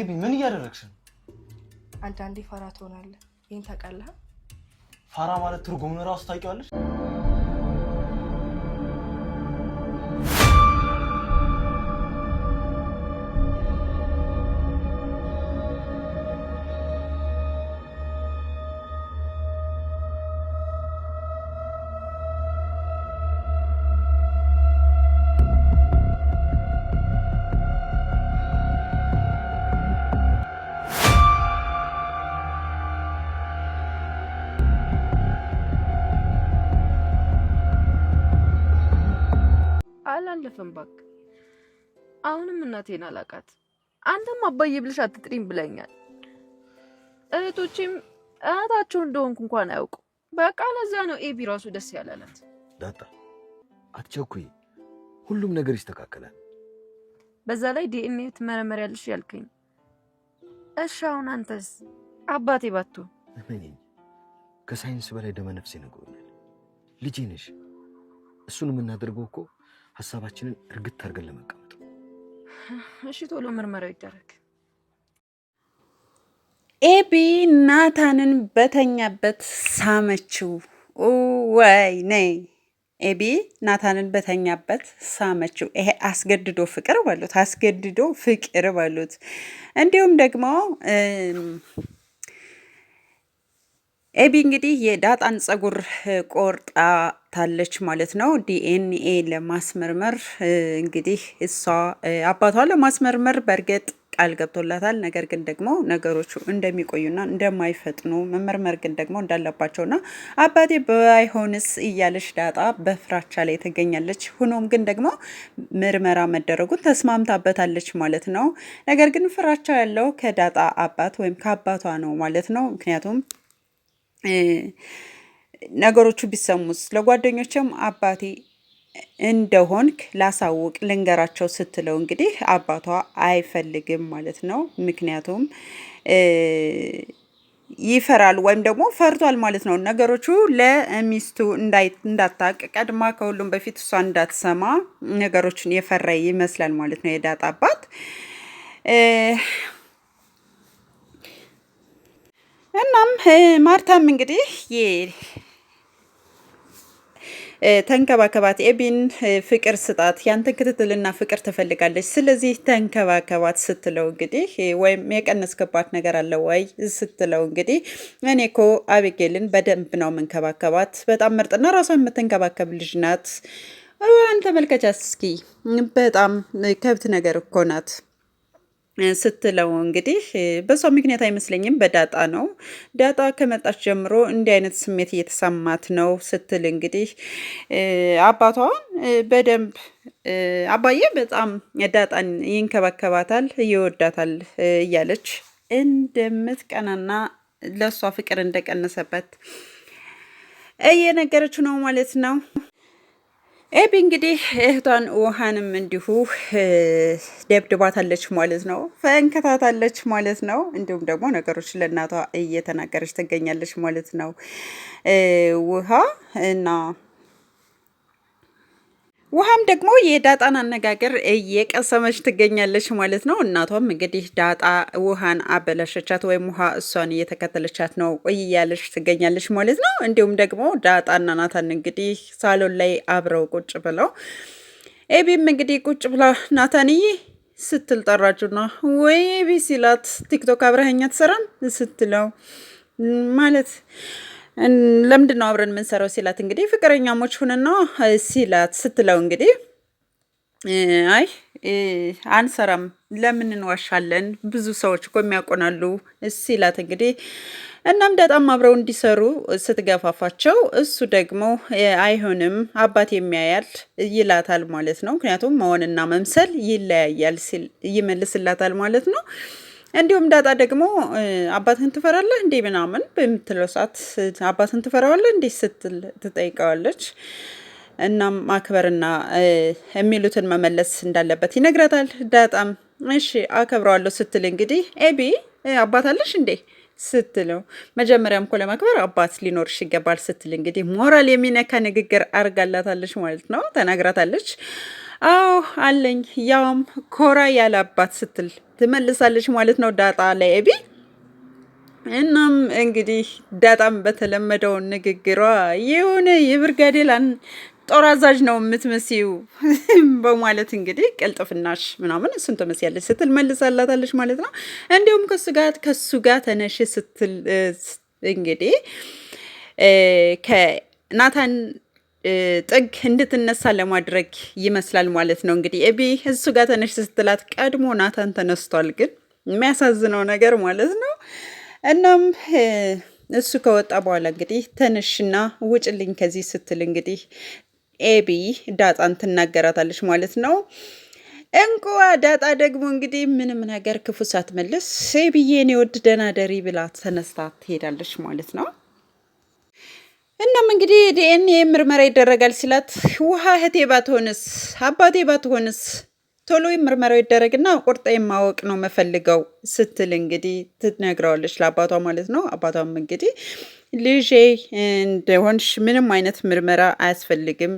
ኤቢ ምን እያደረግሽ ነው? አንዳንዴ ፈራ ትሆናለህ። ይህን ታውቃለህ? ፈራ ማለት ትርጉሙን እራሱ ታውቂዋለሽ? አለፈን ባክ። አሁንም እናቴን አላቃት። አንተም አባዬ ብለሽ አትጥሪም ብለኛል። እህቶቼም እህታቸው እንደሆንኩ እንኳን አያውቁ። በቃ ለዛ ነው ኤቢ ራሱ ደስ ያላላት። ዳጣ አትቸኩይ፣ ሁሉም ነገር ይስተካከላል። በዛ ላይ ዲኤንኤ ትመረመሪያለሽ ያልከኝ። እሺ አሁን አንተስ አባቴ ባቶ ከሳይንስ በላይ ደመነፍሴ ነግሮኛል። ልጄ ነሽ። እሱን የምናደርገው እኮ ሀሳባችንን እርግጥ አድርገን ለመቀመጥ እሺ ቶሎ ምርመራው ይደረግ። ኤቢ ናታንን በተኛበት ሳመችው። ነይ ኤቢ ናታንን በተኛበት ሳመችው። ይሄ አስገድዶ ፍቅር በሉት፣ አስገድዶ ፍቅር በሉት። እንዲሁም ደግሞ ኤቢ እንግዲህ የዳጣን ጸጉር ቆርጣ መታለች ማለት ነው። ዲኤንኤ ለማስመርመር እንግዲህ እሷ አባቷ ለማስመርመር በእርግጥ ቃል ገብቶላታል። ነገር ግን ደግሞ ነገሮቹ እንደሚቆዩና እንደማይፈጥኑ መመርመር ግን ደግሞ እንዳለባቸውና አባቴ ባይሆንስ እያለች ዳጣ በፍራቻ ላይ ትገኛለች። ሆኖም ግን ደግሞ ምርመራ መደረጉን ተስማምታበታለች ማለት ነው። ነገር ግን ፍራቻ ያለው ከዳጣ አባት ወይም ከአባቷ ነው ማለት ነው። ምክንያቱም ነገሮቹ ቢሰሙስ ለጓደኞችም አባቴ እንደሆንክ ላሳውቅ ልንገራቸው ስትለው እንግዲህ አባቷ አይፈልግም ማለት ነው። ምክንያቱም ይፈራል ወይም ደግሞ ፈርቷል ማለት ነው። ነገሮቹ ለሚስቱ እንዳታቅ ቀድማ ከሁሉም በፊት እሷ እንዳትሰማ ነገሮችን የፈራ ይመስላል ማለት ነው የዳጣ አባት። እናም ማርታም እንግዲህ ተንከባከባት። ኤቢን ፍቅር ስጣት፣ ያንተን ክትትልና ፍቅር ትፈልጋለች፣ ስለዚህ ተንከባከባት ስትለው እንግዲህ ወይም የቀነስክባት ነገር አለ ወይ ስትለው እንግዲህ እኔ ኮ አቤጌልን በደንብ ነው የምንከባከባት፣ በጣም ምርጥና ራሷን የምትንከባከብ ልጅ ናት። አንተ መልከቻ እስኪ በጣም ከብት ነገር እኮ ናት። ስትለው እንግዲህ በሷ ምክንያት አይመስለኝም፣ በዳጣ ነው። ዳጣ ከመጣች ጀምሮ እንዲህ አይነት ስሜት እየተሰማት ነው ስትል እንግዲህ አባቷን በደንብ አባዬ በጣም ዳጣን ይንከባከባታል፣ ይወዳታል እያለች እንደምትቀናና ለእሷ ፍቅር እንደቀነሰበት እየነገረች ነው ማለት ነው። ኤቢ እንግዲህ እህቷን ውሃንም እንዲሁ ደብድባታለች ማለት ነው፣ ፈንከታታለች ማለት ነው። እንዲሁም ደግሞ ነገሮች ለእናቷ እየተናገረች ትገኛለች ማለት ነው ውሃ እና ውሃም ደግሞ የዳጣን አነጋገር እየቀሰመች ትገኛለች ማለት ነው። እናቷም እንግዲህ ዳጣ ውሃን አበላሸቻት ወይም ውሃ እሷን እየተከተለቻት ነው እያለች ትገኛለች ማለት ነው። እንዲሁም ደግሞ ዳጣና ናታን እንግዲህ ሳሎን ላይ አብረው ቁጭ ብለው ኤቢም እንግዲህ ቁጭ ብላ ናታንዬ ስትል ና ወይ ኤቢ ሲላት ቲክቶክ አብረኸኛ ትሰራም ስትለው ማለት ለምንድን ነው አብረን የምንሰራው ሲላት እንግዲህ ፍቅረኛሞች ሁንና ሲላት ስትለው እንግዲህ አይ አንሰራም፣ ለምን እንዋሻለን? ብዙ ሰዎች እኮ የሚያውቁናሉ ሲላት እንግዲህ እናም በጣም አብረው እንዲሰሩ ስትገፋፋቸው እሱ ደግሞ አይሆንም አባት የሚያያል ይላታል ማለት ነው። ምክንያቱም መሆንና መምሰል ይለያያል ሲል ይመልስላታል ማለት ነው። እንዲሁም ዳጣ ደግሞ አባትህን ትፈራለህ እንዴ ምናምን በምትለው ሰዓት አባትህን ትፈራዋለህ እንዴ ስትል ትጠይቀዋለች። እናም ማክበርና የሚሉትን መመለስ እንዳለበት ይነግረታል። ዳጣም እሺ አከብረዋለሁ ስትል እንግዲህ ኤቢ አባት አለሽ እንዴ ስትለው መጀመሪያም እኮ ለማክበር አባት ሊኖርሽ ይገባል ስትል እንግዲህ ሞራል የሚነካ ንግግር አርጋላታለች ማለት ነው፣ ተናግራታለች። አዎ አለኝ፣ ያውም ኮራ ያለ አባት ስትል ትመልሳለች ማለት ነው ዳጣ ለኤቢ። እናም እንግዲህ ዳጣም በተለመደው ንግግሯ የሆነ የብርጋዴላን ጦር አዛዥ ነው የምትመስዩ በማለት እንግዲህ ቅልጥፍናሽ ምናምን እሱን ትመስያለች ስትል መልሳላታለች ማለት ነው። እንዲሁም ከሱ ጋር ከሱ ጋር ተነሽ ስትል እንግዲህ ከናታን ጥግ እንድትነሳ ለማድረግ ይመስላል ማለት ነው። እንግዲህ ኤቢ እሱ ጋር ተነሽ ስትላት ቀድሞ ናታን ተነስቷል። ግን የሚያሳዝነው ነገር ማለት ነው። እናም እሱ ከወጣ በኋላ እንግዲህ ተነሽና ውጭልኝ ከዚህ ስትል እንግዲህ ኤቢ ዳጣን ትናገራታለች ማለት ነው። እንቁዋ ዳጣ ደግሞ እንግዲህ ምንም ነገር ክፉ ሳትመልስ ኤቢዬን የወድ ደናደሪ ብላ ተነስታ ትሄዳለች ማለት ነው። እናም እንግዲህ ዲኤንኤ ምርመራ ይደረጋል ስላት ውሃ እህቴ ባትሆንስ አባቴ ባትሆንስ ቶሎ ምርመራው ይደረግና ቁርጤን ማወቅ ነው መፈልገው ስትል እንግዲህ ትነግረዋለች ለአባቷ ማለት ነው። አባቷም እንግዲህ ልጄ እንደሆንሽ ምንም አይነት ምርመራ አያስፈልግም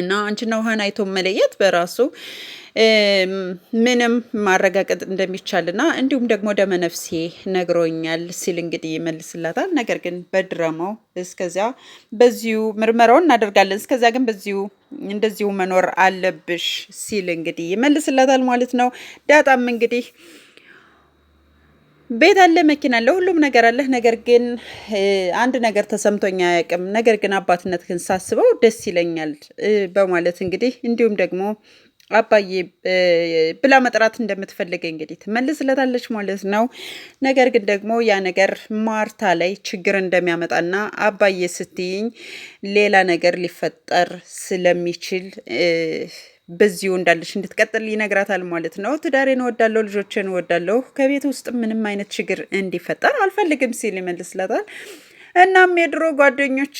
እና አንቺና ውሃን አይቶ መለየት በራሱ ምንም ማረጋገጥ እንደሚቻልና እንዲሁም ደግሞ ደመነፍሴ ነግሮኛል ሲል እንግዲህ ይመልስላታል። ነገር ግን በድረማው እስከዚያ በዚሁ ምርመራውን እናደርጋለን፣ እስከዚያ ግን በዚሁ እንደዚሁ መኖር አለብሽ ሲል እንግዲህ ይመልስላታል ማለት ነው። ዳጣም እንግዲህ ቤት አለ፣ መኪና አለ፣ ሁሉም ነገር አለ። ነገር ግን አንድ ነገር ተሰምቶኝ አያውቅም። ነገር ግን ግን ሳስበው ደስ ይለኛል በማለት እንግዲህ እንዲሁም ደግሞ አባዬ ብላ መጥራት እንደምትፈልገ እንግዲህ ትመልስለታለች ማለት ነው። ነገር ግን ደግሞ ያ ነገር ማርታ ላይ ችግር እንደሚያመጣና አባዬ ስትይኝ ሌላ ነገር ሊፈጠር ስለሚችል በዚሁ እንዳለች እንድትቀጥል ይነግራታል ማለት ነው። ትዳሬን እወዳለሁ፣ ልጆችን እወዳለሁ፣ ከቤት ውስጥ ምንም አይነት ችግር እንዲፈጠር አልፈልግም ሲል ይመልስላታል። እናም የድሮ ጓደኞች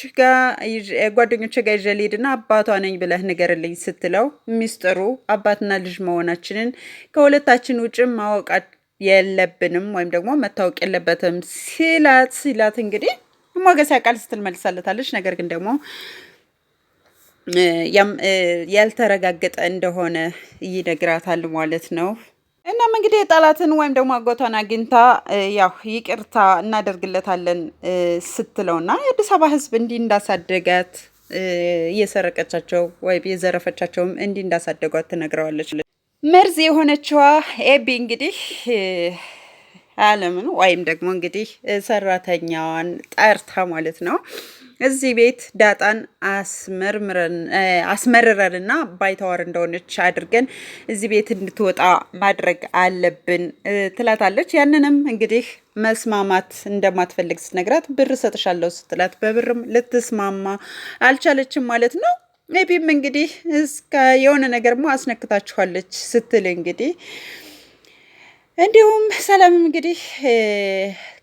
ጓደኞች ጋር ይዤ ልሂድና አባቷ ነኝ ብለህ ንገርልኝ ስትለው ሚስጥሩ አባትና ልጅ መሆናችንን ከሁለታችን ውጭ ማወቃት የለብንም ወይም ደግሞ መታወቅ የለበትም ሲላት ሲላት እንግዲህ ሞገስ ያውቃል ስትል መልሳለታለች። ነገር ግን ደግሞ ያልተረጋገጠ እንደሆነ ይነግራታል ማለት ነው። እናም እንግዲህ የጠላትን ወይም ደግሞ አጎቷን አግኝታ ያው ይቅርታ እናደርግለታለን ስትለው ስትለውና የአዲስ አበባ ሕዝብ እንዲህ እንዳሳደጋት እየሰረቀቻቸው ወይም የዘረፈቻቸውም እንዲህ እንዳሳደጓት ትነግረዋለች። መርዝ የሆነችዋ ኤቢ እንግዲህ አለምን ወይም ደግሞ እንግዲህ ሰራተኛዋን ጠርታ ማለት ነው እዚህ ቤት ዳጣን አስመርረንና ባይተዋር እንደሆነች አድርገን እዚህ ቤት እንድትወጣ ማድረግ አለብን ትላታለች። ያንንም እንግዲህ መስማማት እንደማትፈልግ ስትነግራት ብር እሰጥሻለሁ ስትላት በብርም ልትስማማ አልቻለችም ማለት ነው። ቢም እንግዲህ እስከ የሆነ ነገርማ አስነክታችኋለች ስትል እንግዲህ እንዲሁም ሰላምም እንግዲህ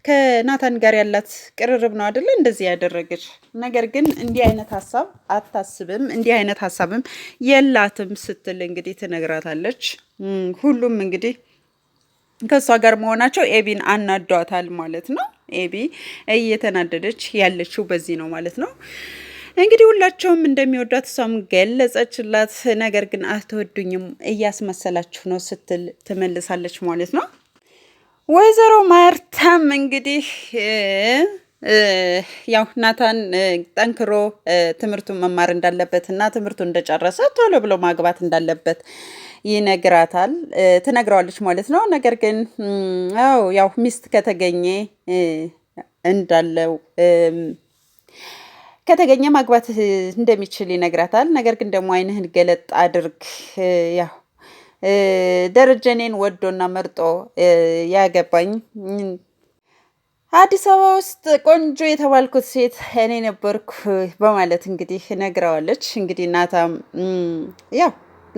ከናታን ጋር ያላት ቅርርብ ነው አይደለ? እንደዚህ ያደረገች ነገር ግን እንዲህ አይነት ሀሳብ አታስብም፣ እንዲህ አይነት ሀሳብም የላትም ስትል እንግዲህ ትነግራታለች። ሁሉም እንግዲህ ከእሷ ጋር መሆናቸው ኤቢን አናዷታል ማለት ነው። ኤቢ እየተናደደች ያለችው በዚህ ነው ማለት ነው። እንግዲህ ሁላቸውም እንደሚወዷት እሷም ገለጸችላት። ነገር ግን አትወዱኝም እያስመሰላችሁ ነው ስትል ትመልሳለች ማለት ነው። ወይዘሮ ማርታም እንግዲህ ያው ናታን ጠንክሮ ትምህርቱን መማር እንዳለበት እና ትምህርቱ እንደጨረሰ ቶሎ ብሎ ማግባት እንዳለበት ይነግራታል፣ ትነግረዋለች ማለት ነው። ነገር ግን ያው ሚስት ከተገኘ እንዳለው ከተገኘ ማግባት እንደሚችል ይነግራታል። ነገር ግን ደግሞ አይንህን ገለጥ አድርግ ያው ደረጀ እኔን ወዶና መርጦ ያገባኝ አዲስ አበባ ውስጥ ቆንጆ የተባልኩት ሴት እኔ ነበርኩ በማለት እንግዲህ ነግረዋለች። እንግዲህ ናታ ያው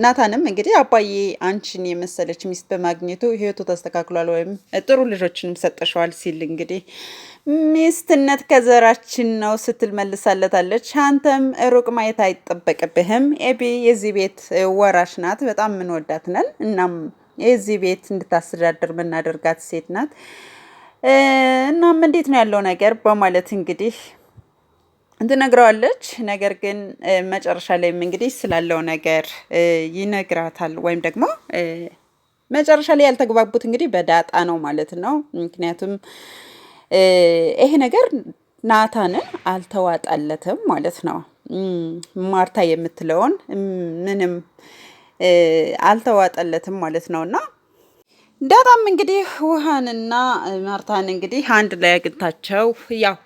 ናታንም እንግዲህ አባዬ አንቺን የመሰለች ሚስት በማግኘቱ ህይወቱ ተስተካክሏል ወይም ጥሩ ልጆችንም ሰጠሸዋል ሲል እንግዲህ ሚስትነት ከዘራችን ነው ስትል መልሳለታለች። አንተም ሩቅ ማየት አይጠበቅብህም። ኤቢ የዚህ ቤት ወራሽ ናት። በጣም ምንወዳት ነን። እናም የዚህ ቤት እንድታስተዳድር ምናደርጋት ሴት ናት። እናም እንዴት ነው ያለው ነገር በማለት እንግዲህ ትነግረዋለች። ነገር ግን መጨረሻ ላይም እንግዲህ ስላለው ነገር ይነግራታል ወይም ደግሞ መጨረሻ ላይ ያልተግባቡት እንግዲህ በዳጣ ነው ማለት ነው ምክንያቱም ይሄ ነገር ናታንን አልተዋጣለትም ማለት ነው። ማርታ የምትለውን ምንም አልተዋጠለትም ማለት ነው እና ዳጣም እንግዲህ ውሃንና ማርታን እንግዲህ አንድ ላይ አግኝታቸው ያው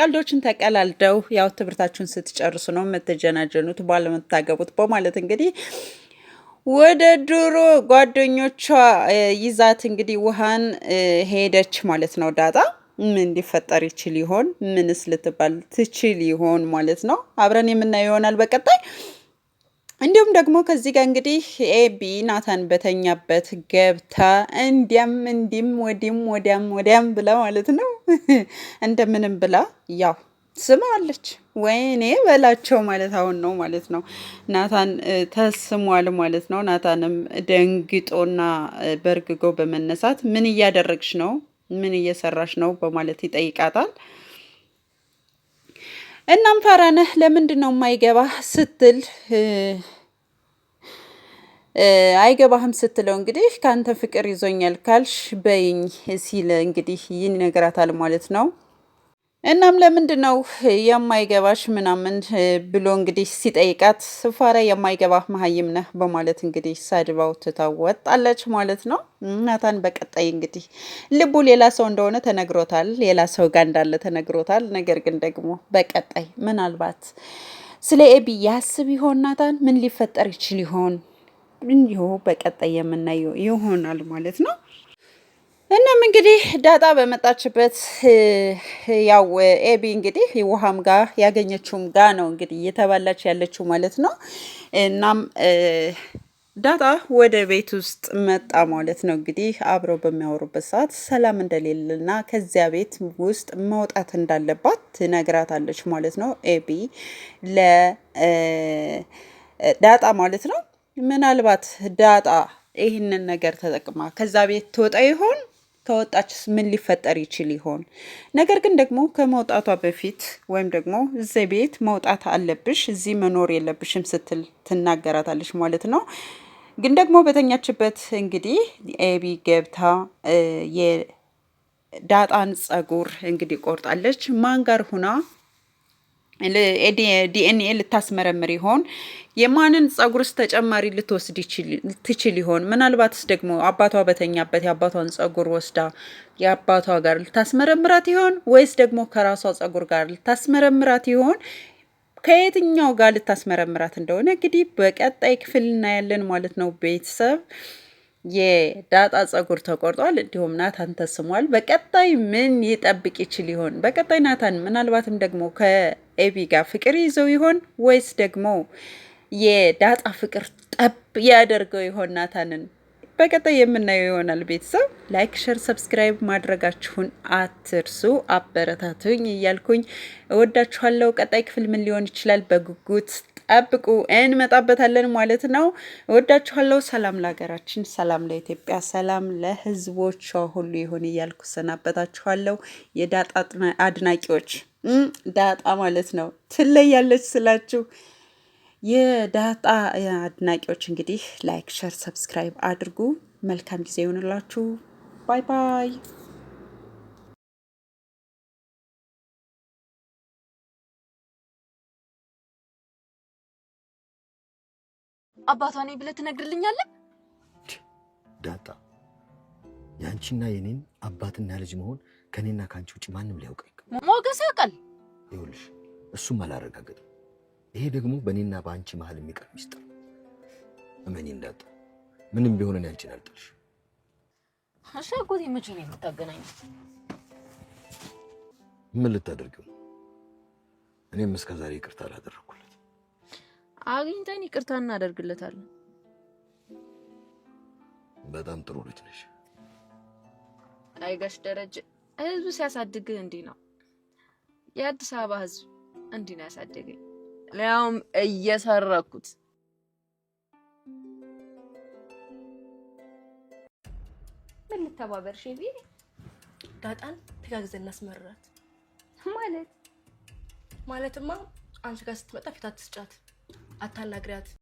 ቀልዶችን ተቀላልደው ያው ትምህርታችሁን ስትጨርሱ ነው የምትጀናጀኑት ባለመታገቡት በማለት እንግዲህ ወደ ድሮ ጓደኞቿ ይዛት እንግዲህ ውሃን ሄደች ማለት ነው ዳጣ ምን ሊፈጠር ይችል ይሆን? ምንስ ልትባል ትችል ይሆን ማለት ነው። አብረን የምናየው ይሆናል በቀጣይ። እንዲሁም ደግሞ ከዚህ ጋር እንግዲህ ኤቢ ናታን በተኛበት ገብታ እንዲያም እንዲም ወዲም ወዲያም ወዲያም ብላ ማለት ነው እንደምንም ብላ ያው ስማለች። ወይኔ በላቸው ማለት አሁን ነው ማለት ነው። ናታን ተስሟል ማለት ነው። ናታንም ደንግጦና በርግጎ በመነሳት ምን እያደረግሽ ነው ምን እየሰራሽ ነው በማለት ይጠይቃታል። እናም ፈራነህ ለምንድን ነው የማይገባ ስትል አይገባህም ስትለው እንግዲህ ከአንተ ፍቅር ይዞኛል ካልሽ በይኝ ሲል እንግዲህ ይነግራታል ማለት ነው። እናም ለምንድን ነው የማይገባሽ ምናምን ብሎ እንግዲህ ሲጠይቃት ስፋራ የማይገባ መሀይም ነህ በማለት እንግዲህ ሰድባው ትታወጣለች ማለት ነው። ናታን በቀጣይ እንግዲህ ልቡ ሌላ ሰው እንደሆነ ተነግሮታል፣ ሌላ ሰው ጋር እንዳለ ተነግሮታል። ነገር ግን ደግሞ በቀጣይ ምናልባት ስለ ኤቢ ያስብ ይሆን ናታን? ምን ሊፈጠር ይችል ይሆን? እንዲሁ በቀጣይ የምናየው ይሆናል ማለት ነው። እናም እንግዲህ ዳጣ በመጣችበት ያው ኤቢ እንግዲህ ውሃም ጋ ያገኘችውም ጋ ነው እንግዲህ እየተባላች ያለችው ማለት ነው። እናም ዳጣ ወደ ቤት ውስጥ መጣ ማለት ነው። እንግዲህ አብረው በሚያወሩበት ሰዓት ሰላም እንደሌለና ከዚያ ቤት ውስጥ መውጣት እንዳለባት ትነግራታለች ማለት ነው። ኤቢ ለዳጣ ማለት ነው። ምናልባት ዳጣ ይህንን ነገር ተጠቅማ ከዛ ቤት ትወጣ ይሆን ከወጣችስ ምን ሊፈጠር ይችል ይሆን? ነገር ግን ደግሞ ከመውጣቷ በፊት ወይም ደግሞ እዚህ ቤት መውጣት አለብሽ፣ እዚህ መኖር የለብሽም ስትል ትናገራታለች ማለት ነው። ግን ደግሞ በተኛችበት እንግዲህ ኤቢ ገብታ የዳጣን ጸጉር እንግዲህ ቆርጣለች። ማን ጋር ሁና ዲኤንኤ ልታስመረምር ይሆን? የማንን ጸጉርስ ተጨማሪ ልትወስድ ትችል ይሆን? ምናልባትስ ደግሞ አባቷ በተኛበት የአባቷን ጸጉር ወስዳ የአባቷ ጋር ልታስመረምራት ይሆን? ወይስ ደግሞ ከራሷ ጸጉር ጋር ልታስመረምራት ይሆን? ከየትኛው ጋር ልታስመረምራት እንደሆነ እንግዲህ በቀጣይ ክፍል እናያለን ማለት ነው ቤተሰብ የዳጣ ጸጉር ተቆርጧል። እንዲሁም ናታን ተስሟል። በቀጣይ ምን ይጠብቅ ይችል ይሆን? በቀጣይ ናታን ምናልባትም ደግሞ ከ ኤቢ ጋር ፍቅር ይዘው ይሆን ወይስ ደግሞ የዳጣ ፍቅር ጠብ ያደርገው ይሆን ናታንን? በቀጣይ የምናየው ይሆናል። ቤተሰብ ላይክ፣ ሸር፣ ሰብስክራይብ ማድረጋችሁን አትርሱ። አበረታቱኝ እያልኩኝ እወዳችኋለሁ። ቀጣይ ክፍል ምን ሊሆን ይችላል? በጉጉት ጠብቁ፣ እንመጣበታለን ማለት ነው። እወዳችኋለሁ። ሰላም ለሀገራችን፣ ሰላም ለኢትዮጵያ፣ ሰላም ለህዝቦች ሁሉ ይሁን እያልኩ ሰናበታችኋለሁ። የዳጣ አድናቂዎች ዳጣ ማለት ነው ትለያለች ስላችሁ የዳጣ አድናቂዎች እንግዲህ ላይክ፣ ሸር፣ ሰብስክራይብ አድርጉ። መልካም ጊዜ ይሆንላችሁ። ባይ ባይ። አባቷ ነኝ ብለህ ትነግርልኛለህ? ዳጣ የአንቺና የኔን አባትና ልጅ መሆን ከኔና ከአንቺ ውጭ ማንም ሊያውቅ ሞገስ ያውቃል። ይኸውልሽ እሱም አላረጋገጥም። ይሄ ደግሞ በእኔና በአንቺ መሀል የሚቀር ሚስጥር። እመኚኝ እንዳጣ፣ ምንም ቢሆን እኔ አንቺን አልጥልሽ። እሺ አጎቴ፣ መቼ ነው ምን ልታደርጊው? እኔም እስከዛሬ ይቅርታ አላደረኩም። አግኝተን ይቅርታ እናደርግለታለን። በጣም ጥሩ ልጅ ነሽ። አይ ደረጀ፣ ህዝብ ሲያሳድግህ እንዲህ ነው። የአዲስ አበባ ህዝብ እንዲህ ነው ያሳደገኝ፣ ሊያውም እየሰረኩት። ምን ልተባበር? ሼቢ ዳጣን ተጋግዘን እናስመርራት ማለት ማለትማ፣ አንቺ ጋር ስትመጣ ፊት አትስጫት አታናግሪያት